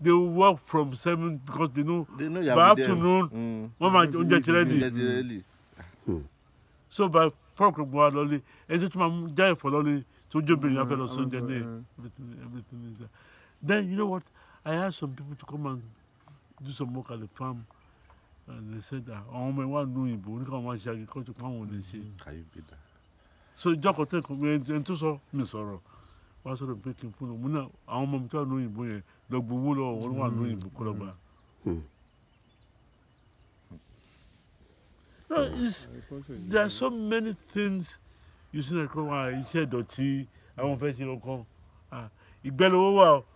they work from seven because they know, they know by afternoon mm. wọn máa oúnjẹ mm. ti rẹ́dì hmm. so by four o'clock mo wá lọlé ẹni tó tún máa já ẹ̀fọ́ lọlé tó jóbìnrin mm. afẹ́ lọ sóúnjẹ ní everything everything is there then you know what I ask some people to come and do some work at the farm and they said that àwọn ọmọ ẹ wà nù ìbò oníkàwọn máa ṣe agriculture pàwọn ò lè ṣe so ìjọ kọtẹ ẹni tó sọ mi sọ̀rọ̀ wá sọ̀rọ̀ pé kí fún un mú àwọn ọmọ mi tí wọ́n lóyìnbó yẹn lọ gbowó lọ́wọ́ wọn wà lóyìnbó kọ́ lọ́gbà. Hmm. No, it's, there are so many things you see like wọn ah, iṣẹ́ ìdọ̀tí àwọn fẹ́ ṣe lọ́kàn ah, ìgbẹ́ lówó wà o.